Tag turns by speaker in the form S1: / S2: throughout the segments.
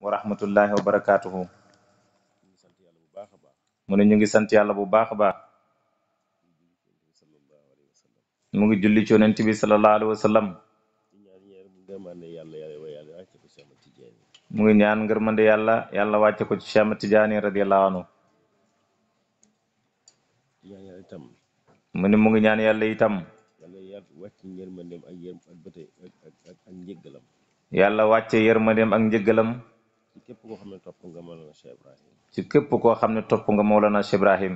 S1: wa rahmatullahi wa barakaatuhu mu ne ñu ngi sant yàlla bu baax a baax mu ngi julli ci yonent bi sallallahu alayhi wa sallam mu ngi ñaan ngërmande yàlla yàlla wàcce ko ci Cheikh Ahmad Tidiane radiyallahu anhu mu ne mu ngi ñaan yàlla itam yàlla wàcce yërmandeem ak njëggalam
S2: ci képp koo xam ne topp nga Mawlana Cheikh Ibrahim.
S1: ci képp koo xam ne topp nga Mawlana Cheikh Ibrahim.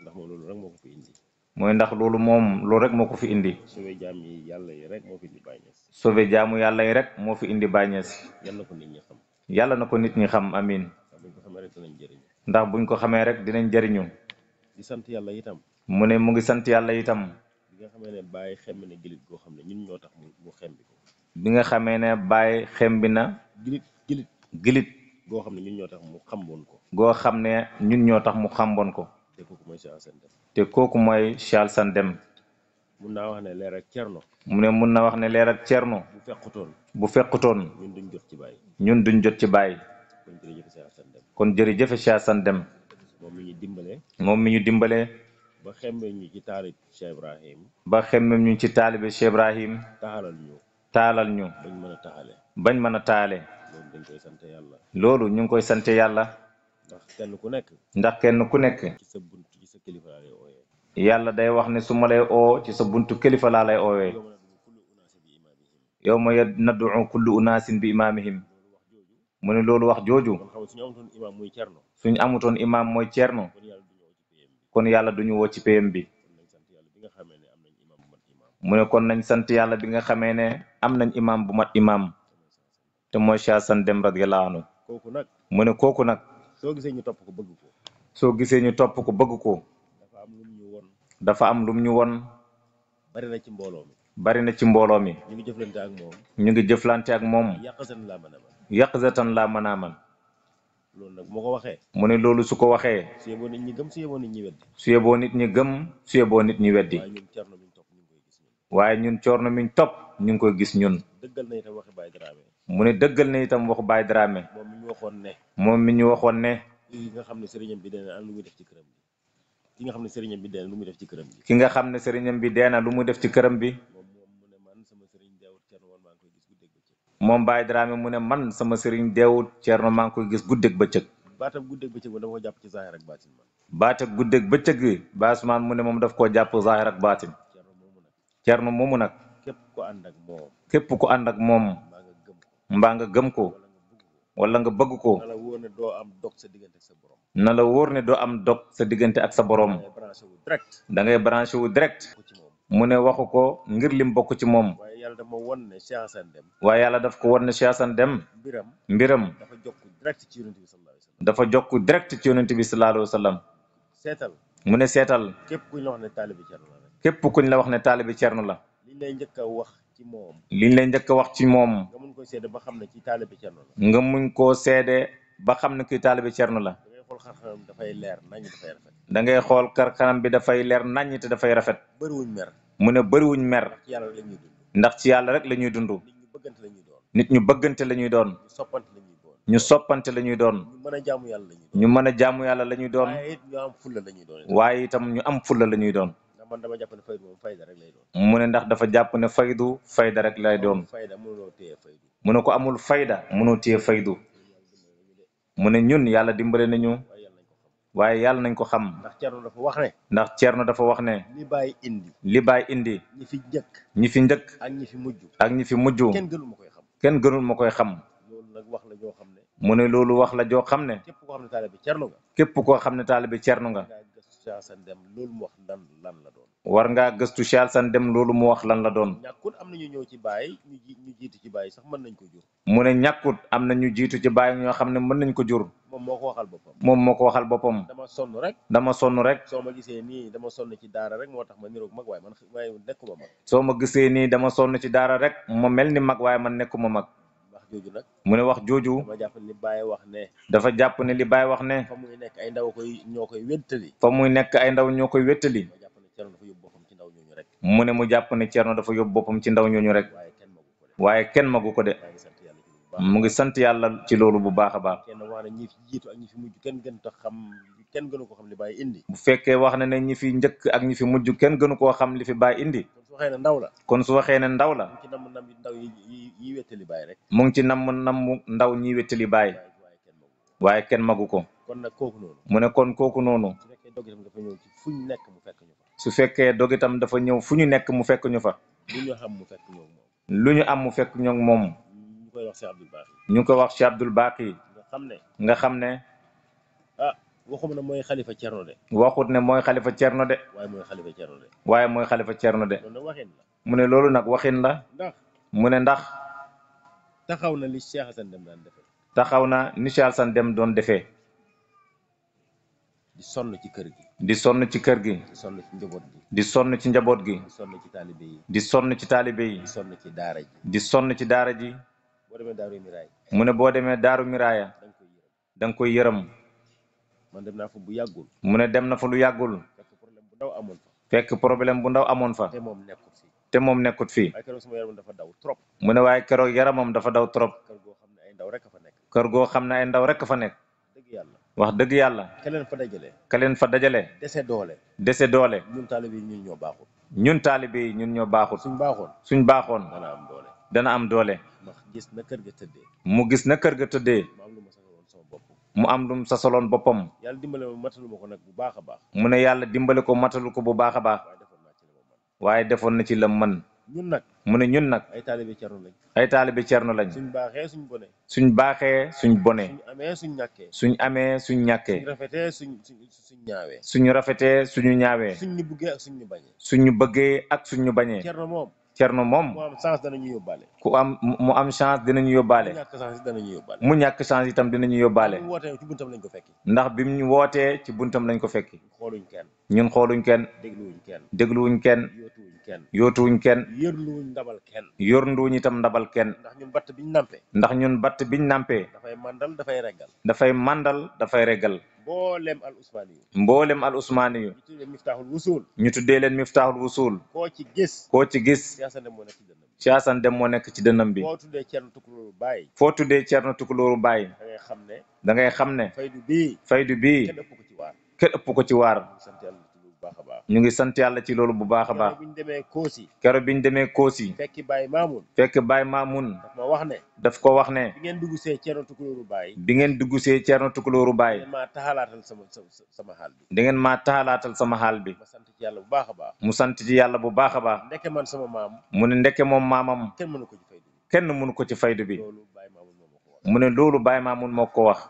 S1: ndax moom loolu moo ko fi indi. mooy ndax loolu moom loolu rek moo ko fi indi. sauvé jaamu yàlla yi rek moo fi indi Baay Ñas. sauvé jaamu yàlla yi rek yàlla na ko nit ñi xam. yàlla na ko nit ñi xam amin ndax buñ ko xamee rek dinañ jëriñu.
S2: di sant yàlla itam.
S1: mu ne mu ngi sant yàlla itam.
S2: bi nga xamee ne bàyyi xem na gilit goo xam ne ñun ñoo tax mu xem
S1: gilit gilit gilit goo xam ne ñun ñoo tax mu xamboon ko goo xam ne ñun ñoo tax mu xamboon ko te kooku mooy Cheikh Alassane te kooku mooy Cheikh Alassane Deme mun na wax ne leer ak cerno mu ne mun na wax ne leer ak cerno
S2: bu fekkutoon
S1: bu fekkutoon ñun duñ jot ci baay ñun duñ jot ci bàyyi kon jërëjëf Cheikh Alassane Deme kon jërëjëf Cheikh Alassane Deme
S2: moom mi ñu dimbalee
S1: moom mi dimbalee
S2: ba xemmee ñu ci taalib Cheikh Ibrahim
S1: ba xemmee ñu ci taalibe Cheikh Ibrahim taalal ñu bañ mën a taale. loolu dañ koy sant yàlla. loolu ñu ngi koy sant yàlla.
S2: ndax kenn ku nekk.
S1: ndax kenn ku nekk. ci sa buntu ci sa kilifa yàlla day wax ne su ma lay o ci sa buntu kilifa laa lay yo yow ma nad'u kullu unaasin bi imaamihim. mu ne loolu wax jooju.
S2: suñu amutoon imaam mooy cerno.
S1: suñu amutoon imaam mooy cerno. kon yàlla duñu woo ci PM bi. kon nañ sant yàlla bi nga xamee am nañ imaam bu mat imaam. te mooy Cheikh Assane Deme radiyallaahu kooku nag mu ne kooku nag.
S2: soo gisee ñu topp ko bëgg ko.
S1: soo gisee ñu topp ko bëgg ko.
S2: dafa am lum ñu won.
S1: dafa am lum ñu won.
S2: bari na ci mbooloo mi.
S1: bari na ci mbooloo mi.
S2: ñu ngi jëflante ak moom.
S1: ñu ngi jëflante ak moom.
S2: yàqzatan laa mën a man.
S1: yàqzatan laa mën a man.
S2: loolu nag moo ko waxee.
S1: mu ne loolu su ko waxee.
S2: su yeboo nit ñi gëm su yeboo nit ñi weddi.
S1: su yeboo nit ñi gëm su yeboo nit ñi weddi. waaye ñun corno miñ top ñu ngi koy gis ñun.
S2: dëggal na itam waxi Baye Dramé.
S1: mu ne dëggal na itam waxu Baye Dramé.
S2: moom mi ñu waxoon ne.
S1: moom mi ñu waxoon ne.
S2: ki nga xam ne sëriñam bi dee na lu muy def ci këram
S1: bi. ki nga xam ne sëriñam bi dee na lu muy def ci këram bi. ki nga xam ne sëriñam bi dee na lu muy def ci këram bi. moom Baye Dramé mu ne man sama sëriñ deewut Thierno maa ngi koy gis guddeeg bëccëg.
S2: baatab guddeeg bëccëg moom dama ko jàpp ci zaahir ak baatin.
S1: baatab guddeeg bëccëg bi Baasmaan mu ne moom daf koo jàpp zaahir ak baatin. Thierno moomu nag.
S2: képp ku ànd ak moom.
S1: képp ku ànd ak moom. mbaa nga gëm ko wala nga bëgg ko na
S2: la wóor ne doo am dog sa diggante ak sa
S1: borom. na la wóor ne doo am dog sa diggante ak sa borom. da ngay branché wu direct. mu ne waxu ko ngir lim bokk ci moom.
S2: waaye yàlla dafa won ne Cheikh
S1: waaye yàlla daf ko won ne Cheikh Hassane Deme. mbiram mbiram. dafa jokk
S2: direct ci yonent bi sallallahu
S1: alayhi wasallam. dafa jokk direct ci yonent bi sallallahu alayhi wasallam. seetal. mu ne seetal.
S2: képp kuñ la wax ne taalibi cernu
S1: la. képp kuñ la wax ne taalibi cernu la. ci moom liñ la njëkk wax ci moom
S2: nga muñ koo seede ba xam ne ci taalibe cerno
S1: la nga muñ koo seede ba xam ne kii taalibe cerno la
S2: dafay leer nañ dafay rafet
S1: da ngay xool kar kanam bi dafay leer nañ te dafay rafet bëriwuñ mer mu ne bëriwuñ mer ndax ci yàlla rek la ñuy dund nit ñu bëggante la ñuy doon ñu soppante la ñuy doon ñu mën a jaamu yàlla la ñuy doon waaye itam ñu am fulla la ñuy doon
S2: man dama jàpp ne faydu moom fayda rek
S1: mu ne ndax dafa jàpp ne faydu fayda rek lay doon.
S2: fayda mënoo téye faydu.
S1: mu ne ko amul fayda mënoo téye faydu. mu ne ñun yàlla dimbale nañu. waaye yàlla nañ ko xam. ndax Thierno dafa wax ne. ndax Thierno dafa wax ne. li bàyyi indi. li bàyyi indi. ñi fi njëkk. ñi fi njëkk. ak ñi fi mujj. ak ñi fi mujj. kenn gënul ma koy xam. kenn gënul ma koy xam.
S2: loolu nag wax la joo xam ne.
S1: mu ne loolu wax la joo xam ne. képp
S2: koo xam ne taalibe Thierno
S1: képp koo xam ne taalibe Thierno nga.
S2: Cheikh Assane Dème loolu mu wax lan lan la doon.
S1: war ngaa gëstu Cheikh Assane Dème loolu mu wax lan la doon.
S2: ñàkkut am na ñu ñëw ci baay ñu ñu jiitu ci baay sax mën nañ ko jur.
S1: mu ne ñàkkut am na ñu jiitu
S2: moom moo ko waxal boppam. moom moo
S1: ko waxal boppam.
S2: dama sonn rek.
S1: dama sonn rek. soo
S2: ma gisee nii dama sonn ci daara rek moo tax ma niroog mag waaye
S1: mag waaye man nekkuma mag. jooju nag mu ne wax jooju
S2: dafa jàpp ne li Baye wax ne
S1: dafa jàpp ne li Baye wax ne
S2: fa muy nekk ay ndaw koy ñoo koy wéttali
S1: fa muy nekk ay ndaw ñoo koy wéttali mu jàpp
S2: ne Thierno dafa yóbbu boppam ci ndaw
S1: ñooñu mu jàpp ne Thierno dafa yóbbu boppam ci ndaw ñooñu rek waaye kenn magu ko de mu ngi sant ci loolu bu baax a
S2: kenn gënu ko xam li bàyyi
S1: indi bu fekkee wax na ne ñi fi njëkk ak ñi fi mujj kenn gënu koo xam li fi bàyyi indi kon su waxee ne ndaw la kon su waxee ne ndaw la
S2: mu ngi ci namm nam ndaw yi yi wettali bàyyi rek mu ngi ci
S1: namm namm ndaw ñiy wettali bàyyi waaye kenn magu ko
S2: kon nag kooku noonu
S1: mu ne kon kooku noonu su fekkee dog dafa ñëw ci fu ñu nekk mu fekk ñu fa
S2: su fekkee dog itam dafa ñëw
S1: fu ñu nekk mu fekk ñu fa lu ñu am mu fekk ñoog moom
S2: lu ñu am mu fekk ñoog moom ñu koy wax si Abdul Baqi
S1: ñu koy wax si Abdul Baqi nga xam ne nga xam ne
S2: waxuma ne mooy xalifa cerno de.
S1: waxut ne mooy xalifa cerno de.
S2: waaye mooy xalifa cerno de.
S1: waaye mooy xalifa cerno de. mu ne loolu nag waxin la. ndax mu ne ndax.
S2: taxaw na li Cheikh Assane Deme daan defee.
S1: taxaw na ni Cheikh dem doon defee. di sonn ci kër gi. di sonn ci kër gi. di ci njaboot gi. di sonn ci njaboot gi. di sonn ci taalibe yi. di sonn ci taalibe yi. di sonn ci daara ji. di sonn ci daara ji. mu ne boo demee Daaru Miraaya. da nga koy yërëm.
S2: man dem naa bu yàggul.
S1: mu ne dem na fa lu yàggul. fekk problème bu ndaw amoon fa. fekk
S2: bu ndaw amoon fa.
S1: te moom nekkut fii. moom nekkut fii. waaye
S2: keroog sama yaramam dafa daw trop.
S1: mu ne waaye keroog yaramam dafa daw trop.
S2: kër goo xam ne ay ndaw rek fa
S1: nekk. kër goo xam ne ay ndaw rek fa nekk. dëgg yàlla. wax dëgg yàlla.
S2: ka leen fa dajale.
S1: ka leen fa dajale. dese doole. dese doole. ñun taalibe yi ñun ñoo baaxul. ñun taalibe yi ñun ñoo baaxul. suñ baaxoon suñ baaxoon. dana am doole. dana am doole. mu gis na kër ga tëddee. mu gis na kër ga tëddee. mu am lum sa soloon boppam.
S2: yàlla dimbale ko matalu ma nag bu baax a baax.
S1: mu ne yàlla dimbale ko matalu ko bu baax a baax. waaye defoon na ci lam man ñun nag mu ne ñun nag.
S2: ay taalibe cerno lañ.
S1: ay taalibe cerno lañ. suñ
S2: baaxee suñ bone.
S1: suñ baaxee suñ bone. suñ
S2: amee suñ ñàkkee.
S1: suñ amee suñ ñàkkee. suñ
S2: rafetee suñ suñ ñaawee.
S1: suñ rafetee suñu ñaawee. suñ
S2: ñu bëggee ak suñ ñu bañee.
S1: suñ ñu bëggee ak suñ ñu Cerno moom. mu
S2: am chance danañu yóbbaale.
S1: ku am mu am chance dinañu yóbbaale. mu ñàkk chance itam dinañu yóbbaale. ndax bi mu wootee ci buntam lañ ko fekki. ñun xooluñ kenn. dégluwuñ kenn. yootuwuñ kenn.
S2: yërluwuñ ndabal kenn.
S1: yërnduwuñ itam ndabal kenn. ndax ñun batt biñ nampee. ndax ñun batt biñ nampee.
S2: dafay mandal dafay reggal.
S1: dafay mandal dafay reggal.
S2: mboolem al usmaani
S1: yu mboolem al usmaani yu ñu tuddee miftaaxul wusuul ñu tuddee leen miftaaxul wusuul koo ci gis koo ci gis Cheikh Assane Dème moo nekk ci dënnam bi. foo
S2: tuddee Thierno Tukulóoru Baye.
S1: foo tuddee Thierno Tukulóoru Baye. da ngay xam ne. da ngay xam ne. faydu bii. faydu bii. kenn ko ci waar. ëpp ko ci waar. ñu ngi sant yàlla ci loolu bu baax a baax. keroog
S2: bi ñu demee Koosi.
S1: keroog bi ñu demee Koosi.
S2: fekk Baye Mamoun.
S1: fekk daf wax ne. daf ko wax ne. bi
S2: ngeen dugg see Ceerno Tukulóoru Baay.
S1: bi ngeen dugg see Ceerno Tukulóoru Baay. da ngeen
S2: maa taxalaatal sama sama xaal bi.
S1: da ngeen maa taxalaatal sama xaal bi. mu sant
S2: ci yàlla bu baax a baax.
S1: mu sant ci yàlla bu baax a baax.
S2: ndeke man sama maam.
S1: mu ne ndeke moom maamam. kenn mënu ko ci faydu bi. kenn mënu ko ci faydu bi. mu ne loolu Baye Mamoun moo ko wax.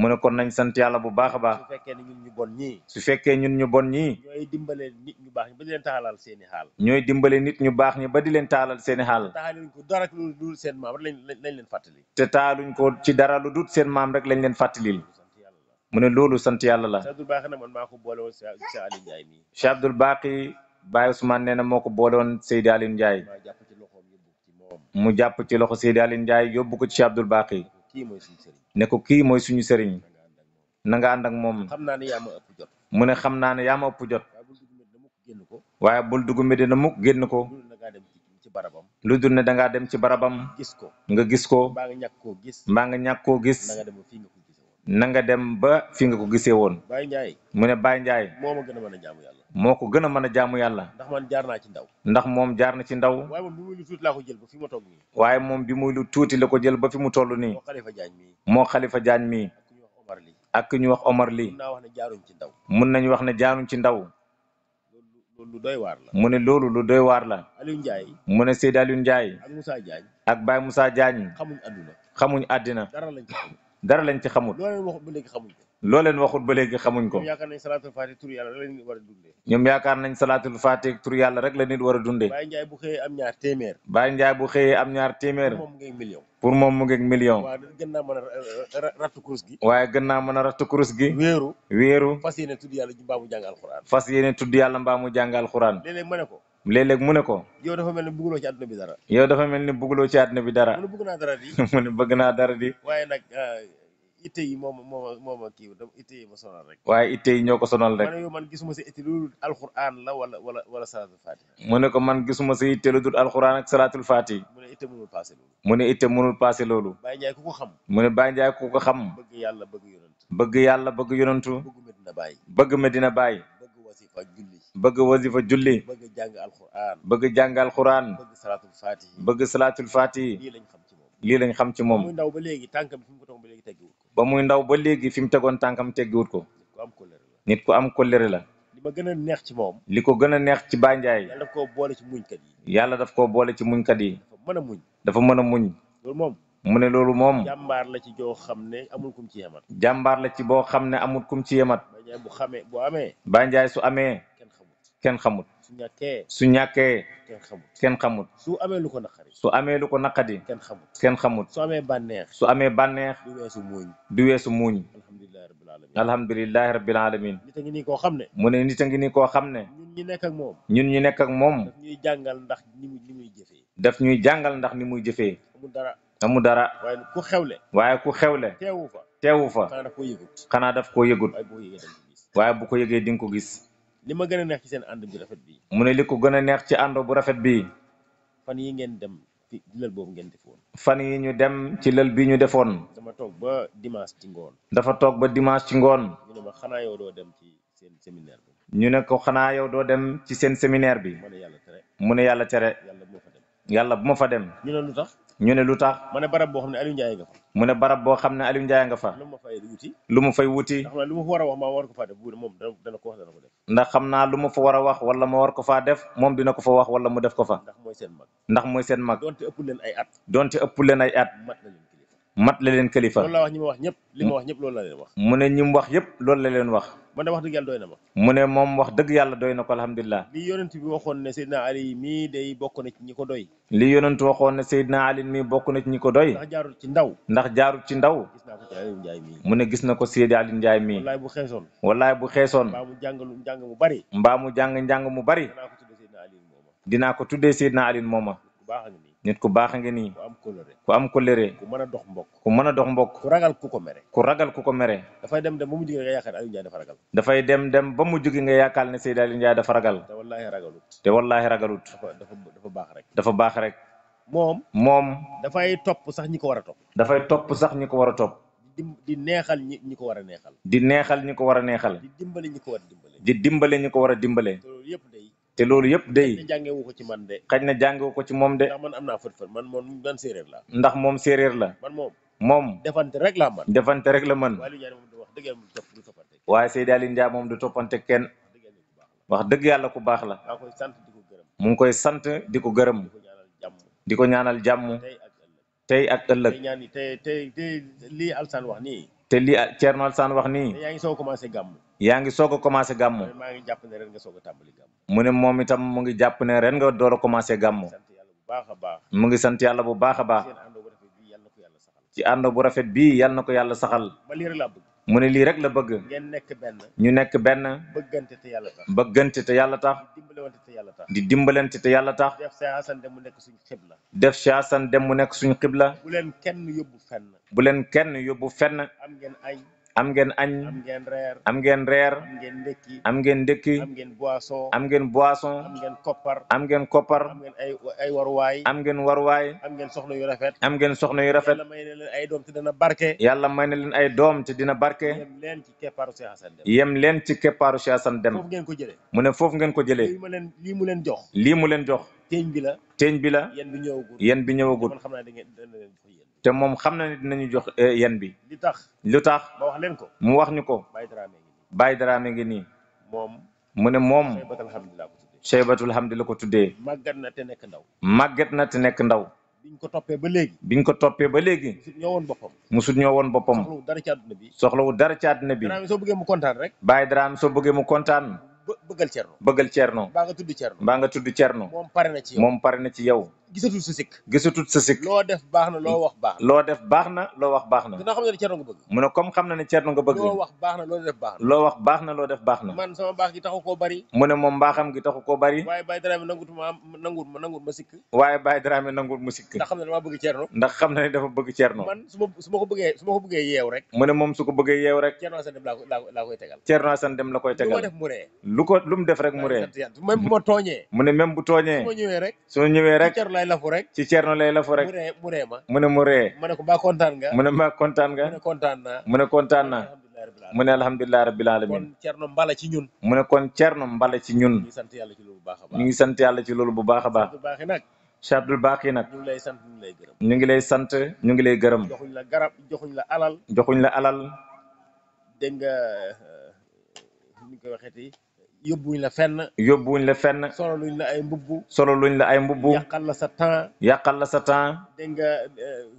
S1: mu ne kon nañ sant yàlla bu baax a baax.
S2: su fekkee ñun ñu bon ñi
S1: su fekkee ñun ñu bon ñii.
S2: ñooy dimbale nit ñu baax ñi ba di leen taalal seeni xaal.
S1: ñooy dimbale nit ñu baax ñi ba di leen taalal seeni xaal.
S2: taaluñ ko dara lu dul seen maam rek lañ leen fàttali.
S1: te taaluñ ko ci dara lu dul seen maam rek lañ leen fàttalil. mu ne loolu sant yàlla la. Cheikh
S2: Abdoul Baqi nag man maa ko boole woon Cheikh Aliou Ndiaye mii.
S1: Cheikh Abdoul Baqi Baye nee moo ko boole woon Seydi Aliou Ndiaye. mu jàpp ci loxo Seydi Aliou Ndiaye yóbbu ko ci Cheikh Abdoul Baqi. kii ne ko kii mooy suñu sëriñ na nga ànd ak moom mu ne xam naa ne yaa ma ëpp jot waaye bul dugg Medina mukk génn ko lu dul ne da ngaa dem ci barabam nga gis ko mbaa nga ñàkk koo gis na nga dem ba fi nga ko gisee woon.
S2: Baye Ndiaye mu ne Baye Ndiaye. moo ma gën a a jaamu
S1: moo ko gën a mën a jaamu yàlla.
S2: ndax man jaar naa ci ndaw.
S1: ndax moom jaar na ci ndaw.
S2: waaye moom bi muy lu tuuti laa ko jël ba fi ma toog
S1: waaye moom bi muy lu tuuti la ko jël ba mu toll nii. moo
S2: Khalifa Diagne mii.
S1: moo Khalifa Diagne mii. ak ku ñuy wax Omar Ly. mun
S2: naa wax ne jaaruñ ci
S1: ndaw. mun nañu wax ne jaaruñ ci ndaw. lu doy waar la. mu ne loolu lu doy waar la. Aliou Ndiaye. mu ne Seydou Aliou Ndiaye.
S2: ak Moussa Diagne.
S1: ak Baye Moussa Diagne. xamuñ àdduna. xamuñ àddina. dara lañ dara lañ ci xamul. loo leen waxut ba léegi xamuñ ko. loo leen
S2: waxut ba léegi xamuñ ko.
S1: ñoom yaakaar nañ salaatul faatih tur yàlla rek la nit war a dundee. ñoom yaakaar nañ salaatul faatih tur yàlla a dundee. Baye Ndiaye bu xëyee am ñaar téeméer. Baye Ndiaye bu xëyee am ñaar téeméer. pour moom mu ngeeg million. pour moom mu ngeeg million. a euh, euh, rattu gi. waaye gën naa mën a rattu kurus gi. wéeru wéeru.
S2: fas yéene tudd yàlla mbaa mu jàng alxuraan.
S1: fas yéene tudd yàlla mbaa mu jàng alxuraan. léeg-léeg ma léeg mu ne ko.
S2: yow dafa mel ni bugguloo ci bi dara.
S1: yow dafa mel ni bugguloo ci àdduna bi dara. mu
S2: ne bëgg naa dara di.
S1: mu ne naa dara di.
S2: waaye nag ah, yi moo ma moo ma kii itte yi ma sonal rek.
S1: waaye itte yi ko sonal rek. ma
S2: ne yow si itte lu dul la wala wala wala salaatul faatiha. mu ne
S1: ko man gisuma si itte lu dul alquran ak salaatul faatiha.
S2: mu ne itte mënul paase loolu.
S1: mu ne itte mënul paase loolu.
S2: Baye Ndiaye ku ko xam.
S1: mu ne Baye Ndiaye ku ko xam.
S2: bëgg yàlla bëgg yonantu.
S1: bëgg yàlla bëgg yonantu. bëgg Medina Baye. bëgg Medina Baye. bëgg
S2: wasifa ak julli.
S1: bëgg wazifa julli.
S2: bëgg jàng alquran.
S1: bëgg jàng alquran. bëgg salaatul faati. bëgg salaatul faati. lii lañ xam ci moom. lañ xam ci moom. ba muy
S2: ndaw ba léegi tànkam fi mu ko tegoon ba léegi teggiwut ko.
S1: ba muy ndaw ba léegi fi mu tegoon tànkam teggiwut ko. nit ku am kóllëre la.
S2: li ma gën a neex ci moom.
S1: li ko gën a neex ci bànjaay. yàlla daf
S2: koo boole ci muñkat
S1: yi. yàlla daf koo boole ci muñkat yi. dafa mën a muñ. dafa mën a muñ. loolu mu ne loolu moom.
S2: jàmbaar la ci joo xam ne amul kum ci yemat.
S1: jàmbaar la ci boo xam ne amul kum ci yemat.
S2: bànjaay bu xamee bu amee.
S1: bànjaay su amee. kenn xamut su ñàkkee su ñàkkee kenn xamut kenn su amee lu ko naqari su amee lu ko naqari kenn xamut kenn xamut su amee bànneex su amee bànneex du weesu muñ du weesu muuñ alhamdulilahi rabbil alamin
S2: nit a ngi nii koo xam ne mu
S1: ne nit a ngi nii koo xam ne ñun ñu nekk moom ñun ñu nekk ak moom
S2: ñuy jàngal ndax ni muy ni
S1: daf ñuy jàngal ndax ni muy jëfee amul dara amul dara ku xewle waaye ku xewle teewu fa teewu fa xanaa daf koo yëgut xanaa ko gis li ma gën a neex ci seen ànd bi rafet bii. mu ne li ko gën a neex ci ànd bu rafet bii.
S2: fan yi ngeen dem boobu ngeen defoon.
S1: fan yi ñu dem ci lël bi ñu defoon.
S2: dafa toog ba dimanche ci ngoon.
S1: dafa toog ba dimanche ci ngoon.
S2: ñu ne yow doo dem ci
S1: seen séminaire ñu ne ko xanaa yow doo dem ci seen séminaire bi. mu ne yàlla tere. mu ne yàlla tere. yàlla bu ma yàlla bu ma fa dem. ñu ne lu tax. ñu ne lu tax.
S2: mu ne barab boo xam ne Aliou Ndiaye nga fa.
S1: mu ne boo xam ne Aliou Ndiaye nga fa. lu mu fay wuti. lu mu fay wuti.
S2: ndax lu a war ko faa def moom dana ko wax dana def.
S1: ndax xam naa lu ma fa war wax wala ma war ko faa def moom dina ko fa wax wala mu def ko fa. ndax mooy seen mag. ndax mooy seen mag.
S2: donte ëpp leen ay at.
S1: donte ëpp leen ay at. mat na leen mat la leen kalifa la
S2: wax ñi wax ñëpp li ma wax ñëpp loolu la leen wax mu ne
S1: ñi mu wax yëpp loolu la leen wax
S2: man wax dëgg yàlla doy na
S1: mu ne moom wax dëgg yàlla doy na ko alhamdulilah
S2: li yonent bi waxoon ne Seydina Ali mii day bokk na ci ñi ko doy
S1: li yonent waxoon ne Seydina Ali mii bokk na ci ko doy jaarul ci ndaw ndax jaarul ci ndaw gis naa ko ci Aliou Ndiaye mii mu ne gis na ko Seydi Ali Ndiaye mii wallaay bu xeesoon wallaay bu xeesoon mbaa mu jàng njàng mu bari mbaa mu jàng njàng mu bari dinaa ko tuddee Seydina Ali mooma dinaa ko tuddee Seydina Ali mooma baax nit ku baax nga ni ku am kóllëre ku am kóllëre.
S2: ku mën a dox mbokk.
S1: ku mën a dox mbokk. ragal ku ko mere. ku ragal ku ko mere.
S2: dafay dem dem ba mu jógee nga yaakaar Aliou Ndiaye dafa ragal.
S1: dafay dem dem ba mu jógee nga yaakaar ne Seydou Aliou Ndiaye dafa ragal.
S2: te wallaahi ragalut.
S1: te wallaahi ragalut. dafa
S2: dafa baax rek.
S1: dafa baax rek. moom. moom.
S2: dafay topp sax ñi ko war a topp.
S1: dafay topp sax ñi ko war a topp.
S2: di neexal ñi ñi ko war a neexal.
S1: di neexal ñi ko war a neexal. di
S2: dimbale ñi ko war
S1: di dimbale ñi ko war a dimbale. te loolu yëpp day
S2: jàngewu ko ci man
S1: de xaj na jàngewu ko ci moom de ndax man
S2: am naa fët-fët man moom man séeréer la ndax
S1: moom séeréer la man moom moom
S2: defante rek la man
S1: defante rek la man waaye Seydi Aliou Ndiaye moom du toppante kenn wax dëgg yàlla ku baax la mu ngi koy sant di ko gërëm di ko ñaanal jàmm tey ak ëllëg
S2: te lii Alsaan wax ni
S1: te lii Thierno Alsaan wax nii
S2: yaa ngi soo commencé gàmm
S1: yaa ngi soog a commencé gàmmu.
S2: maa jàpp ne ren nga soog a tàmbali
S1: gàmmu. mu ne moom itam mu ngi jàpp ne ren nga door a commencé gàmmu. mu ngi sant yàlla bu baax a baax. ci ànd bu rafet bi yal na ko yàlla saxal. mu ne lii rek la bëgg.
S2: ngeen nekk benn.
S1: ñu nekk benn.
S2: bëggante te yàlla tax.
S1: bëggante te yàlla tax. di dimbalante te yàlla tax. di
S2: dimbalante te yàlla tax. def Cheikh dem mu nekk suñu xibla.
S1: def Cheikh Assane dem mu nekk suñu xibla.
S2: bu leen kenn yóbbu fenn.
S1: bu leen kenn yóbbu fenn.
S2: am ngeen añ.
S1: am ngeen añ am
S2: ngeen reer am ngeen reer am ngeen ndékki
S1: am ngeen ndékki am ngeen boisson am ngeen boisson am ngeen koppar am ngeen koppar am
S2: ngeen ay ay waruwaay am ngeen waruwaay am ngeen soxna yu rafet
S1: am ngeen soxna yu rafet yàlla may na
S2: leen ay doom te dina barke
S1: yàlla may na leen ay doom te dina barke yem
S2: leen ci keppaaru Cheikh Assane
S1: Deme yem leen ci keppaaru Cheikh Assane Deme foofu ngeen ko jële mu ne foofu ngeen ko jëlee lii lii mu leen jox lii mu leen jox teeñ bi la teeñ bi la
S2: yéen bi ñëwagul yéen bi ñëwagul
S1: te moom xam na ne dinañu jox eh, yan bi. li tax lu tax. wax leen ko mu wax ñu ko. Baye Dramé ngi nii. moom mu ne moom. Seybatul Hamdi la ko tuddee. màggat
S2: na te nekk ndaw.
S1: màggat na te nekk ndaw. biñ ko toppee ba léegi. biñ ko toppee ba léegi. musut ñoo woon boppam. musut ñoo woon boppam. soxlawu
S2: dara ci bi.
S1: soxlawu dara ci àdduna bi. Dramé soo bëggee mu kontaan rek. Baye Dramé soo bëggee mu kontaan. bëggal Cerno. bëggal Cerno. mbaa
S2: nga tudd Cerno. mbaa
S1: nga tudd Cerno. moom pare na ci yow. moom pare na ci yow. gisatul sa sikk gisatul sa sikk loo def baax na loo wax baax na loo def baax na loo wax baax na dina xam ne ceerno nga bëgg mu ne comme xam na ne ceerno nga bëgg loo wax
S2: baax na loo def baax na
S1: loo wax baax na loo def baax na
S2: man sama baax gi taxu koo bari
S1: mu ne moom mbaaxam gi taxu koo bari
S2: waaye Baye Dramé nangut ma nangut ma nangut ma sikk
S1: waaye Baye Dramé nangut mu sikk ndax xam na ne dama bëgg ceerno ndax xam na ne dafa bëgg ceerno man
S2: su ma su ma ko bëggee su ma ko bëggee yeew rek
S1: mu ne moom su ko bëggee yeew rek
S2: ceerno Assane Dem laa laa koy tegal
S1: ceerno Assane Dem la koy tegal lu ma def mu ree lu ko lu mu def rek mu ree
S2: même bu ma tooñee
S1: mu ne même bu tooñee su ma ñëwee rek su ma ñëwee rek lay lafu rek ci Thierno lay lafu rek mu ree ma mu ne mu ree ma ne ko mbaa kontaan nga ne mbaa kontaan nga mu ne
S2: kontaan naa mu
S1: ne kontaan naa mu ne alhamdulilah rabbil alamin kon Thierno mbala ci ñun mu ne cer no mbala ci ñun ñu ngi
S2: sant yàlla ci loolu bu baax a ngi
S1: sant yàlla ci loolu bu baax a baax Cheikh Abdoul Baqi nag ñu lay sant ñu ngi lay gërëm ñu ngi lay sant ñu ngi lay gërëm joxuñ la
S2: garab joxuñ la alal
S1: joxuñ la alal
S2: nga euh, ñu koy waxeeti yóbbuwuñ la fenn.
S1: yóbbuwuñ la fenn.
S2: solo luñ la ay mbubbu
S1: solo luñ la ay mbubb.
S2: yàqal la sa temps.
S1: yàqal la sa temps.
S2: dégg nga euh,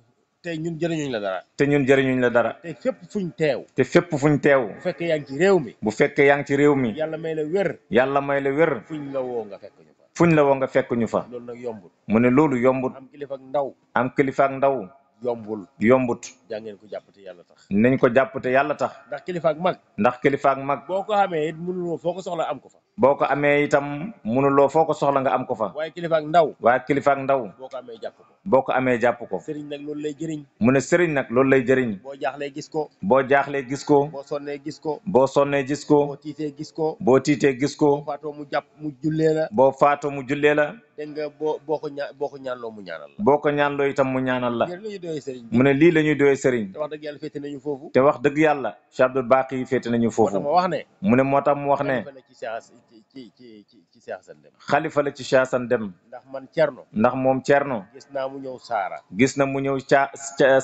S2: te ñun jëriñuñ la
S1: dara. te ñun jëriñuñ la dara.
S2: te fépp fuñ teew.
S1: te fépp fuñ teew. bu fekkee yaa ngi ci réew mi. bu fekkee yaa ngi ci réew mi.
S2: yàlla may la wér.
S1: yàlla may la wér.
S2: fuñ la woo nga fekk ñu
S1: fa. la woo nga fekk ñu fa.
S2: loolu nag yombul.
S1: mu ne loolu yombul. am
S2: kilifa ak ndaw.
S1: am kilifa ndaw. yombul yombut.
S2: jàngeen ko jàppate yàlla tax.
S1: nañ ko jàppate yàlla tax. ndax kilifaak mag. ndax kilifaak mag. boo ko amee it
S2: mënuloo foo ko soxla am ko fa.
S1: boo ko amee itam mënuloo foo ko soxla nga am ko fa. waaye kilifaak ndaw. waaye kilifaak ndaw. boo ko amee jàpp boo ko amee jàpp ko.
S2: sëriñ nag loolu lay jëriñ.
S1: mu ne sëriñ nag loolu lay jëriñ. boo
S2: jaaxlee gis ko.
S1: boo jaaxlee gis ko.
S2: boo sonnee gis ko.
S1: boo sonnee gis ko. boo
S2: tiitee gis ko.
S1: boo tiitee gis ko.
S2: boo mu jàpp mu jullee
S1: boo faatoo mu jullee la.
S2: dégg nga boo boo ko ña boo ko ñaanloo mu ñaanal
S1: la. boo ko ñaanloo itam mu ñaanal la. mu ne lii la ñuy doyee sëriñ. te
S2: wax dëgg yàlla féete nañu foofu.
S1: te wax dëgg yàlla. Cheikh Abdou Baqi yi féete nañu foofu. mu ne moo tax mu wax ne. xalifa la ci Cheikh Assane Deme.
S2: ndax man Thierno.
S1: ndax moom Thierno.
S2: gis naa mu ñëw saara
S1: gis na mu ñëw ca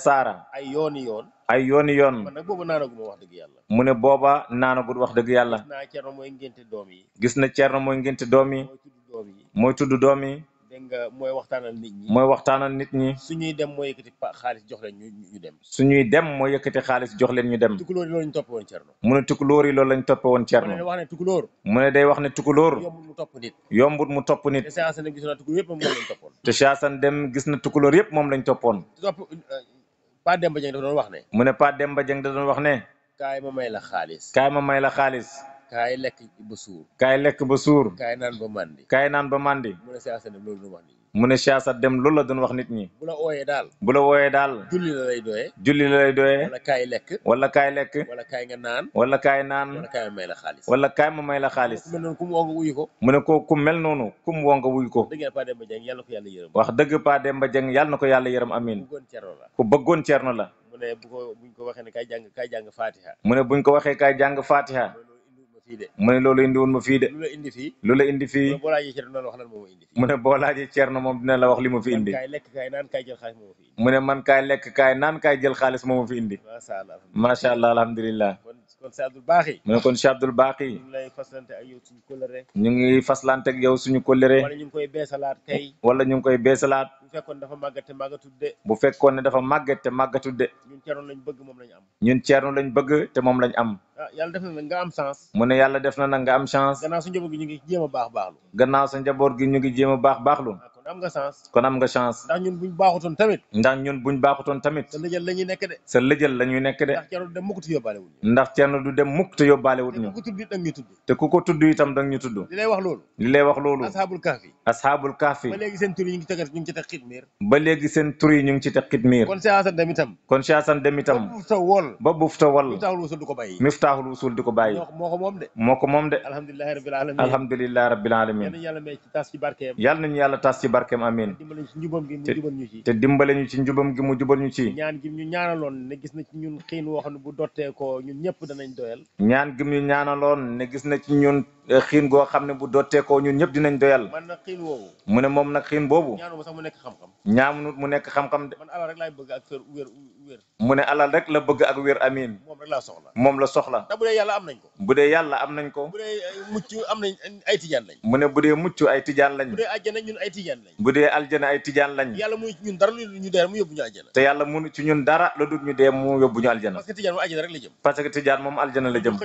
S1: saara
S2: ay yooni yoon
S1: ay yooni yoon
S2: booba naanaguma wax dëgg yàlla
S1: mu ne booba naanagul wax dëgg yàlla
S2: gis na ceerno mooy ngénte doom yi
S1: gis na ceerno mooy ngénte doom yi mooy tudd doom yi
S2: nga mooy waxtaanal nit
S1: ñi. mooy waxtaanal nit ñi.
S2: suñuy dem mooy yëkkati xaalis jox leen ñu ñu dem.
S1: suñuy dem mooy yëkkati xaalis jox leen ñu dem.
S2: tukulóor yi loolu lañ toppee woon Thierno.
S1: mu ne tukulóor yi loolu lañ toppee woon Thierno. mu ne day wax ne tukulóor. mu ne day
S2: wax ne tukulóor. yombut mu topp nit.
S1: yombut mu topp nit. te Cheikh
S2: Assane dem gis na tukulóor yëpp moom lañ toppoon.
S1: te Cheikh Assane dem gis na tukulóor yëpp moom lañ toppoon.
S2: topp euh, Pa Demba Dieng da doon wax ne.
S1: mu ne Pa Demba Dieng da doon wax ne.
S2: kaay ma may la xaalis.
S1: kaay ma may la xaalis
S2: kaay lekk ba suur.
S1: kaay lekk ba suur.
S2: kaay naan ba màndi.
S1: kaay naan ba màndi.
S2: mu ne siyaasa dem loolu
S1: la dem loolu la doon wax nit ñi.
S2: bu la ooyee daal.
S1: bu la ooyee daal. julli la lay doyee. julli la lay doyee. wala
S2: kaay lekk. wala
S1: kaay lekk. wala kaay nga naan. wala kaay naan. wala kaay ma may la xaalis. wala kaay ma may la xaalis. mu ne noonu ku mu woo nga wuyu ko. mu ne ko ku mel noonu ku mu woo nga wuyu ko. dëgg
S2: yàlla na wax
S1: dëgg Paa Demba Dieng yàlla na ko yàlla yërëm amiin. ku bëggoon cerno la.
S2: mu ne bu ko buñ ko waxee ne kaay jàng kaay jàng Fatiha.
S1: mu ne buñ ko waxee kaay jàng Fatiha. mu ne loolu indiwoon ma fii de. lu
S2: la indi fii. lu
S1: la indi fii. mu ne boo laajee Cerno moom dina la wax li ma fi indi. mu ne man kaay lekk kaay naan kaay jël xaalis moo ma fi indi. macha allah alhamdulilah.
S2: kon si Abdul Baaxi mu ne kon
S1: si Abdul Baaxi ñu
S2: ngi lay faslante ak yow suñu kóllëre
S1: ñu ngi faslante ak yow suñu kóllëre wala
S2: ñu ngi koy beesalaat kay
S1: wala ñu ngi koy beesalaat
S2: bu fekkoon dafa màggate màggatut de
S1: bu fekkoon ne dafa màggate màggatut de
S2: ñun ceerno lañ bëgg moom lañ am
S1: ñun ceerno lañ bëgg te moom lañ am
S2: ah yàlla def na nag am chance
S1: mu ne yàlla def na nag nga am chance gannaaw sa njaboot gi ñu ngi jéem a baax baaxlu gannaaw sa njaboot gi ñu ngi jéem baax baaxlu am nga chance kon am nga chance ndax ñun buñ baaxutoon tamit ndax ñun buñ baaxutoon tamit sa lëjël la ñuy nekk de sa lëjël la ñuy nekk de ndax Thierno du dem mukk te yóbbaale wut ñu ndax Thierno du dem mukk te yóbbaale wut ñu ku ko tudd itam ñu tudd te ku ko tudd itam dang ñu tudd li lay wax loolu li lay wax loolu ashaabul kahfi ashaabul kahfi ba
S2: léegi seen tur yi ñu ngi tegat ñu ngi ci teg xitmiir
S1: ba léegi seen tur yi ñu ngi ci teg xitmiir kon
S2: Cheikh Assane dem itam
S1: kon Cheikh Assane dem itam ba bufta wol ba bufta wol miftaaxul usul di ko bàyyi miftaaxul usul di ko bàyyi
S2: moo ko moom de moo ko moom de alhamdulillahi rabbil alamin
S1: alhamdulillahi rabbil alamin
S2: yàlla nañu yàlla tas ci barkeem
S1: yàlla nañu yàlla tas ci barkeem barkeem amiin te dimbale ñu ci njubam gi mu jubal ñu ci
S2: ñaan gim ñu ñaanaloon ne gis na ci ñun xiin woo bu dottee ko ñun ñëpp danañ doyal
S1: ñaan gim ñu ñaanaloon ne gis na ci ñun Euh, xiin goo xam ne bu dotteekoo ñun ñëpp dinañ doyal. mu ne moom nag xiin boobu. ñaanu mu nekk xam-xam. mu nekk xam-xam mu ne alal rek la bëgg ak wér amiin. moom rek soxla. moom la soxla. te
S2: bu dee yàlla am nañ ko.
S1: bu dee yàlla am ko. bu
S2: dee eh, ay tijaan lañ.
S1: mu ne bu dee mucc ay tijaan lañ. bu dee aljana ñun ay tijaan lañ. bu mu ñun dara lu ñu dee mu yóbbu ñu aljana. te yàlla mu ci ñun dara lu dul ñu dee mu yóbbu ñu aljana. parce que tijaan moom aljana la jëm.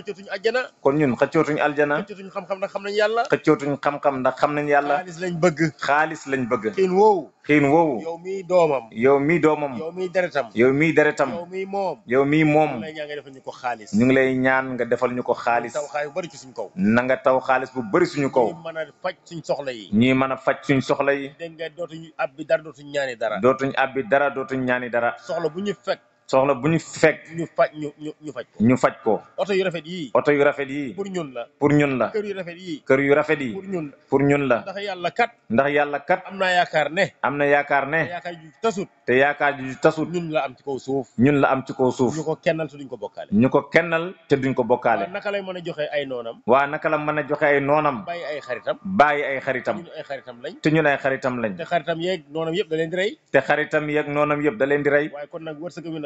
S1: parce la
S2: xam-xam ndax xam nañ yàlla
S1: xëccootuñ xam-xam ndax xam nañ yàlla xaalis lañ bëgg xaalis lañ bëgg xiin woowu xiin woowu yow mii doomam yow mii doomam yow mii deretam yow mii deretam yow
S2: mii moom yow mii moom ñu ngi
S1: lay ñaan nga defal ñu ko xaalis na nga taw xaalis bu bëri suñu kow ñuy
S2: mën faj suñ soxla yi
S1: ñuy mën a faj suñ soxla yi
S2: dégg nga dootuñ abbi dara dootuñ ñaani dara dootuñ
S1: abbi dara dootuñ ñaani dara soxla bu ñu fek
S2: ñu faj ñu ñu ñu ko.
S1: ñu faj ko. oto yu rafet yii. oto yu rafet yii. pour ñun la. pour ñun la. kër yu rafet yi kër yu rafet yii. ñun la. pour ñun la. ndax yàlla kat. ndax yàlla kat. am naa yaakaar ne. am na yaakaar ne. yaakaar ju tasut. te yaakaar ju tasut. ñun la am ci kow suuf. ñun la am ci kaw suuf. ñu ko kennal te duñ ko bokkaale. ñu ko kennal te duñ ko bokkaale.
S2: naka lay mën a joxe ay noonam.
S1: waa naka la mën a joxe ay noonam. bàyyi ay xaritam. bàyyi ay xaritam. ñun
S2: ay xaritam lañ. te
S1: ñun ay xaritam lañ.
S2: te xaritam yeeg noonam yëpp da leen di
S1: te xaritam yeeg noonam yëpp da leen di rey.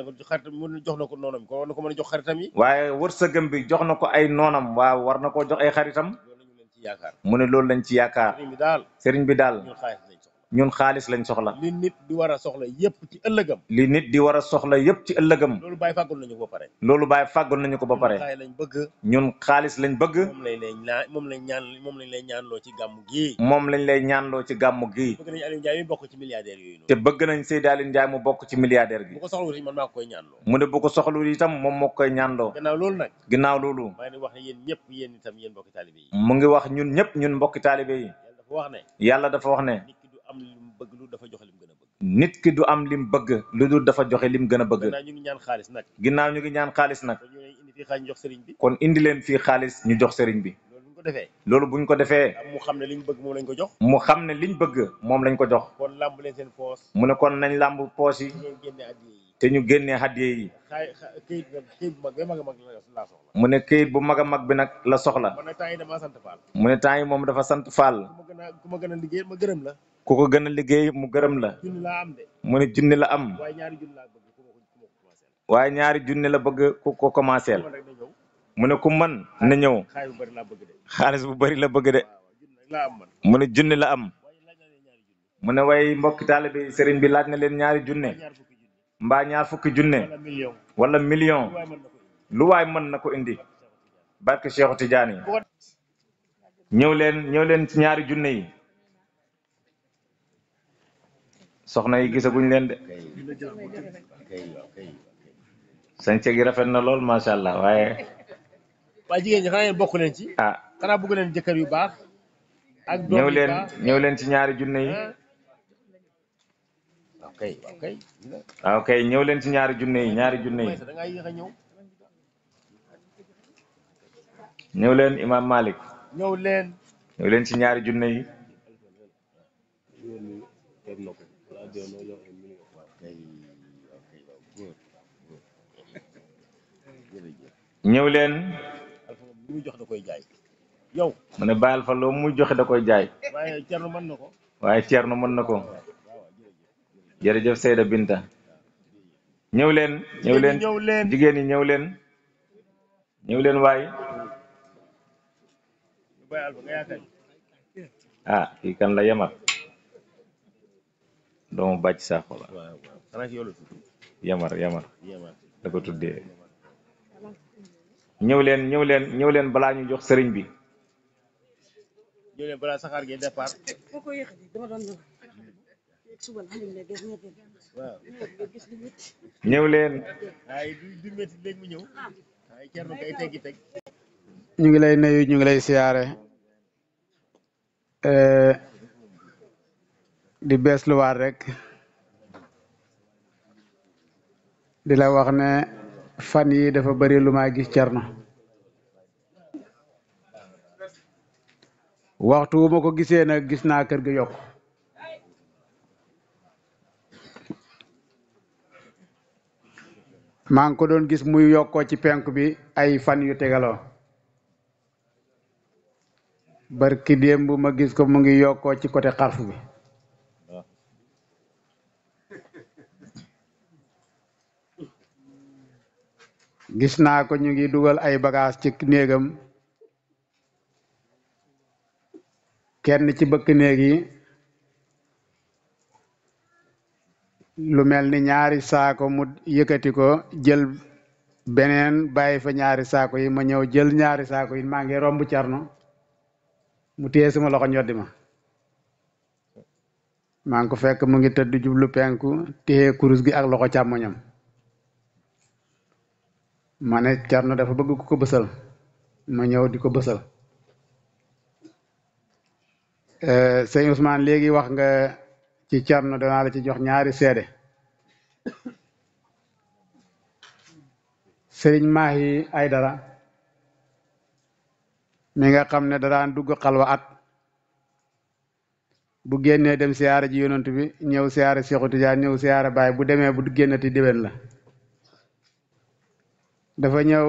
S2: ko xaritam jox na ko noonam kon war na ko mën a jox xaritam
S1: waaye wërsëgam bi jox na ko ay noonam waaw war na koo jox ay xaritam mu ne loolu lañ ci yaakaar sëriñ bi daal sëriñ bi daal ñun xaalis lañ soxla. li
S2: nit di war a soxla yëpp ci ëllëgam.
S1: li nit di war a soxla yëpp ci ëllëgam.
S2: loolu bàyyi fàggul nañu ko ba pare.
S1: loolu bàyyi fàggul nañu ko ba pare. ñun xaalis lañ bëgg. moom
S2: lañ lay ñaan moom lañ ñaan moom lañ lay ñaanloo ci gàmmu
S1: gii. moom lañ lay ñaanloo ci gàmmu gii.
S2: bëgg ci milliardaire yooyu.
S1: te bëgg nañ Seydou Aliou Ndiaye mu bokk ci milliardaire bi. bu ko soxlawul man mu ne bu ko soxlawul itam moom moo koy ñaanloo. ginnaaw loolu nag. ginnaaw loolu.
S2: maa wax ne yéen ñëpp yéen itam yéen mbokki taalibe
S1: yi. mu ngi wax ñun ñëpp ñun mbokki taalibe yi. yàlla dafa wax ne. nit ki du am lim bëgg lu dul dafa joxe lim gën a bëgg ginnaaw ñu ngi ñaan xaalis nag ginnaaw ñu ngi ñaan xaalis nag kon indi leen fii xaalis ñu jox sëriñ bi loolu bu buñ ko defee
S2: mu xam ne liñ bëgg moom lañ ko jox
S1: mu xam ne liñ bëgg moom lañ ko jox
S2: kon làmb leen seen mu ne
S1: kon nañ làmb poos yi te ñu génnee hadiye yi mu ne këyit bu mag a mag bi nag la soxla mu ne temps yi moom dafa sant Fall
S2: ku ma gën a liggéey ma gërëm la
S1: ku ko gën a liggéey mu gërëm la. mu ne junni la am. waaye ñaari junni la bëgg ku ko commencé la. mu ne ku man na ñëw. xaalis bu bari la bëgg de. mu ne junni la am. mu ne way mbokki taalibe sëriñ bi laaj na leen ñaari junne. mbaa ñaar fukki junne. wala million. lu waay mën na ko indi. barke Cheikh Tidiane. ñëw leen ñëw leen ci ñaari junne yi. soxna yi gisaguñ leen de sañse gi rafet na lool macha allah waaye
S2: waaye jigéen ñi xanaa yéen bokk leen ci ah xanaa bëgg leen jëkkër yu baax ak ñëw leen ñëw
S1: leen ci ñaari junne yi waaw kay ah, ñëw leen ci ñaari junne yi ñaari junne yi ñëw leen imam malik ñëw leen ñëw leen ci ñaari junne yi ñëw leen.
S2: lu muy jox da koy jaay.
S1: yow mu ne Baye Alpha loo joxe da koy jaay.
S2: waaye Thierno mën na ko.
S1: waaye Thierno mën na ko. jërëjëf Binta. ñëw leen. ñëw leen ñëw leen jigéen ñi ñëw leen. ñëw leen waay. ah kii la yemal. doomu bàcc saako la yamar yamar la ko tuddee ñëw leen ñëw leen ñëw leen balaa ñu jox sëriñ bi
S3: ñëw leen leen ñu ngi lay nuyu ñu ngi lay siyaare eh, di bees luwaat rek di la wax ne fan yi dafa bari lu maa gis Cerno waxtu wu ma ko gisee na gis naa kër gi yokk maa ngi ko doon gis muy yokkoo ci penk bi ay fan yu tegaloo barki démb ma gis ko mu ngi yokkoo ci côté xarf bi gis naa ko ñu ngi dugal ay bagaas ci néegam kenn ci bëkk néeg yi lu mel ni ñaari saako mu yëkkati ko jël beneen bàyyi fa ñaari saako yi ma ñëw jël ñaari saako yi maa ngi romb carno mu téye sama loxo ñoddi ma maa ngi ko fekk mu ngi tëdd jublu penku téye kurus gi ak loxo càmmoñam ma ne Thierno dafa bëgg ko bësal ma ñëw di ko bësal eh, sëñ Ousmane léegi wax nga ci Thierno danaa la ci jox ñaari seede sëriñ Mahi Aydara mi nga xam ne daraan dugg xalwa at bu génnee dem siyaare ji yonent bi ñëw siyaare Seexu Tijaan ñëw siyaare Baay bu demee bu génnati déwén la dafa ñëw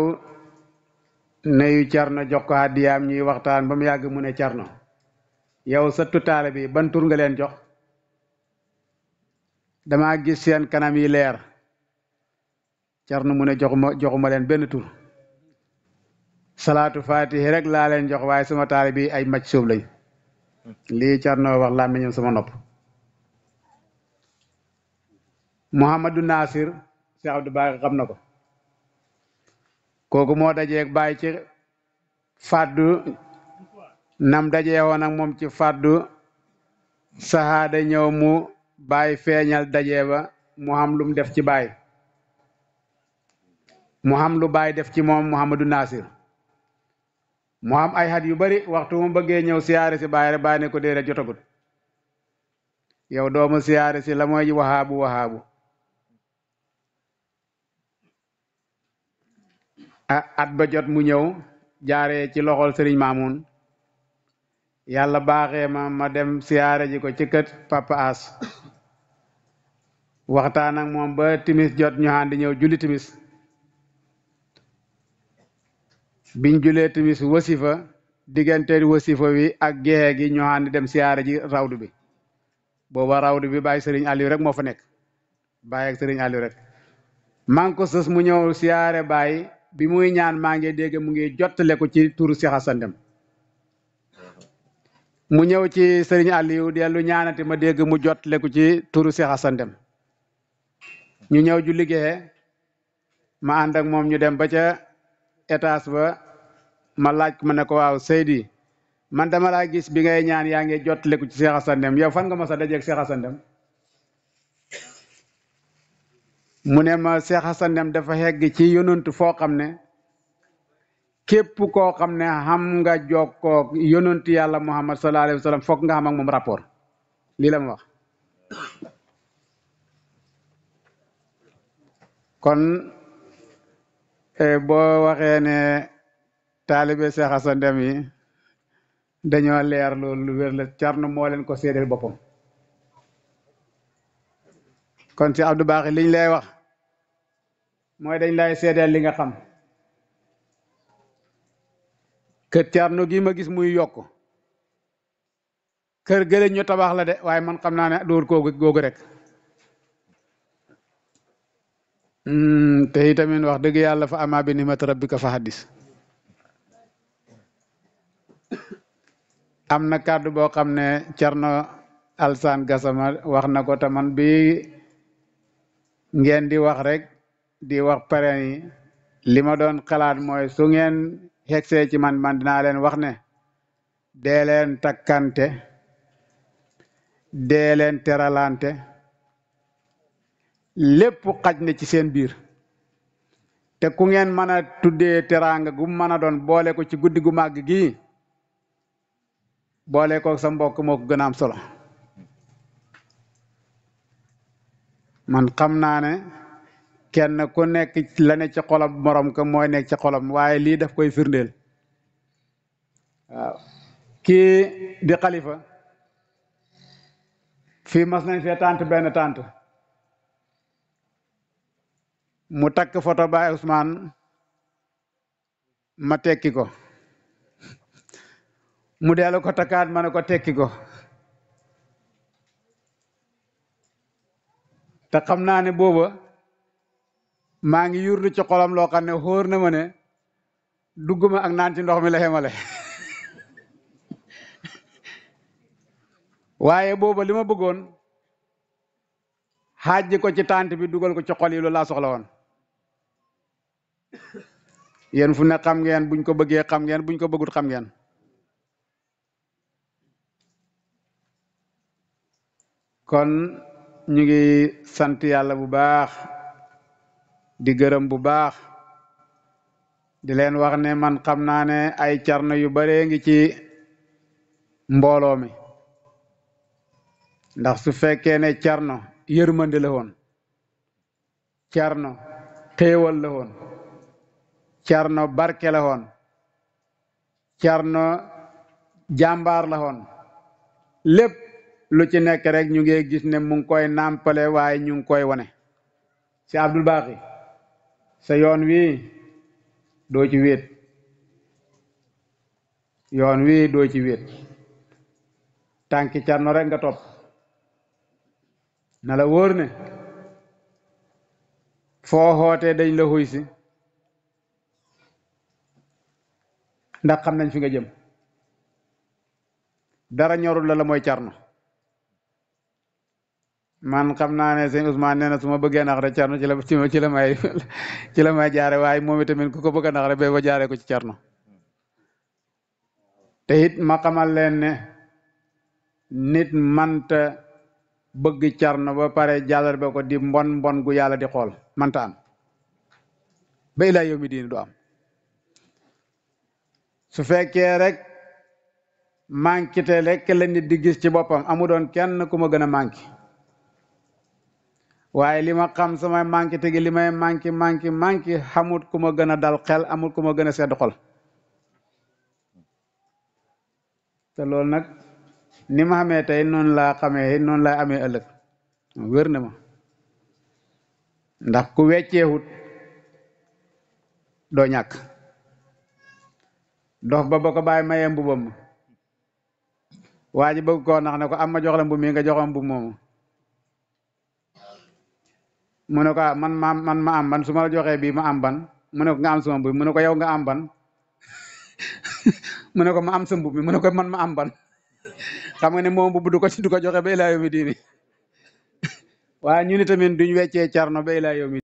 S3: neyu carno jox ko àddiyaam ñuy waxtaan ba mu yàgg mu ne carno yow sa tutaale bi ban tur nga leen jox damaa gis seen kanam yi leer carno mu ne joxuma joxuma leen benn tur salaatu fatihi rek laa leen jox waaye sama taale bi ay macc suuf lañ lii carno wax làmmiñam sama nopp Mouhamadou Nasir Cheikh Abdou Bakhi xam na ko kooku moo dajeeg bàyyi ci fàddu nam dajee woon moom ci fàddu saxaada ñëw mu bàyyi feeñal dajee ba mu xam lum def ci bàyyi mu xam lu bàyyi def ci moom mu Mouhamadou Nasir mu xam ay xat yu bari waxtu mu bëggee ñëw siyaare si bàyyi rek bàyyi ne ko déere jotagut yow doomu siyaare si la mooy waxaabu waxaabu at ba jot mu ñëw jaaree ci loxol sëriñ Maamun yàlla baaxee ma ma dem siyaare ji ko ci kët Papa As waxtaan ak moom ba timis jot ñu ànd ñëw julli timis biñ julee timis wasifa digganteeri wasifa wi ak gexe gi ñu ànd dem siyaare ji rawdu bi booba rawdu bi bàyyi sëriñ Aliou rek moo fa nekk bàyyi ak sëriñ Aliou rek maa sës mu ñëw siyaare bàyyi bi muy ñaan maa ngi dégg mu ngi jottale ko ci turu Cheikh mu ñëw ci Serigne Aliou dellu ñaanati ma dégg mu jottale ko ci turu seexasandem ñu ñëw ju liggéeyee ma ànd ak moom ñu dem ba ca étage ba ma laaj ku ma ne ko waaw Seydi man dama laa gis bi ngay ñaan yaa ngi jottale ko ci Cheikh Assane yow fan nga mos a dajeeg Cheikh Assane mu ne ma Cheikh Hassan Deme dafa yegg ci yonantu foo xam ne képp koo xam ne xam nga jokkoo yonantu yàlla Muhammad sallallahu alayhi wa sallam foog nga xam moom rapport lii la ma wax kon e, boo waxee ne taalibe Cheikh Hassan Deme yi dañoo leer loolu lu wér carnu moo leen ko séedeel boppam kon si Abdou Baax liñ lay wax mooy dañ lay seedeel li nga xam kër Thierno gii ma gis muy yokk kër gële ñu tabax la de waaye man xam naa ne dóor koogu googu rek hmm, te itamit wax dëgg yàlla fa ama bi nimat rabbika fa hadis am na kàddu boo xam ne Thierno Alassane Gassama wax na ko te man bi ngeen di wax rek di wax pare ni li ma doon xalaat mooy su ngeen xegsee ci man man dinaa leen wax ne dee takkante dee leen teralante lépp xaj na ci seen biir te ku ngeen mën a tuddee teraanga gu mën a doon boole ko ci guddi gu màgg gi boole ko sa mbokk moo ko gën am solo man xam naa ne kenn ku nekk la ne ci xolam morom ka mooy nekk ci xolam waaye lii daf koy firndeel waaw kii di xalifa fii mas nañ fee tànt benn tànt mu takk photo Baay Ousmane ma tekki ko mu dellu ko takkaat mane ko tekki ko te xam naa ne booba maa ngi yurlu ci xolam loo xam ne xóor na ma ne dugguma ak naan ci ndox mi la xemale waaye booba li ma bëggoon xaaj ko ci tànt bi dugal ko ci xol yi loolu laa soxla woon yéen fu ne xam ngeen buñ ko bëggee xam ngeen buñ ko bëggut xam ngeen kon ñu ngi sant yàlla bu baax di gërëm bu baax di leen wax ne man xam naa ne ay carno yu baree ngi ci mbooloo mi ndax su fekkee ne carno yërmande la woon carno xéewal la woon carno barke la woon carno jàmbaar la woon lépp lu ci nekk rek ñu ngi gis ne mu ngi koy nàmpale waaye ñu ngi koy wane si Abdul sa yoon wii doo ci wéet yoon wii doo ci wéet tànki carno rek nga topp na la wóor ne foo xootee dañ la xuy si ndax xam nañ fi nga jëm dara ñorul la la mooy carno man xam naa ne sëñ Ousmane su ma bëggee nax rek Thierno ci la ci la may ci la may jaare waaye moom itamit ku ko bëgg a nax rek ba ba jaaree ko ci Thierno te it ma xamal leen ne nit manta bëgg Thierno ba pare jàllar ba ko di mbon mbon gu yàlla di xool manta am ba ilaa yow mi diin du am su fekkee rek manqué te rek la nit di gis ci boppam amu doon kenn ku ma gën a manqué waaye li ma xam samay manqué tegi li may manqué manqué manqué xamut ku ma gën a dal xel amut ku ma gën a sedd xol te loolu nag ni ma xamee tey noonu laa xamee noonu laa amee ëllëg wér na ma ndax ku wecceewut doo ñàkk dox ba ba ko bàyyi mayee mbubam waaji bëgg koo nax ne ko am ma jox la mbu mi nga joxam mbu moomu mu ne ko ah, man ma man ma am ban su ma la joxee bii ma am mu ne ko nga am sama mbubb mu ne ko yow nga amban ban mu ne ko ma am sa mbubb mi mu ne man ma am xam nga ne moom mbubb du ko du ko joxe ba ilaa yow mi diini waaye ñu ni tamit duñ weccee carno ba ilaa yow mi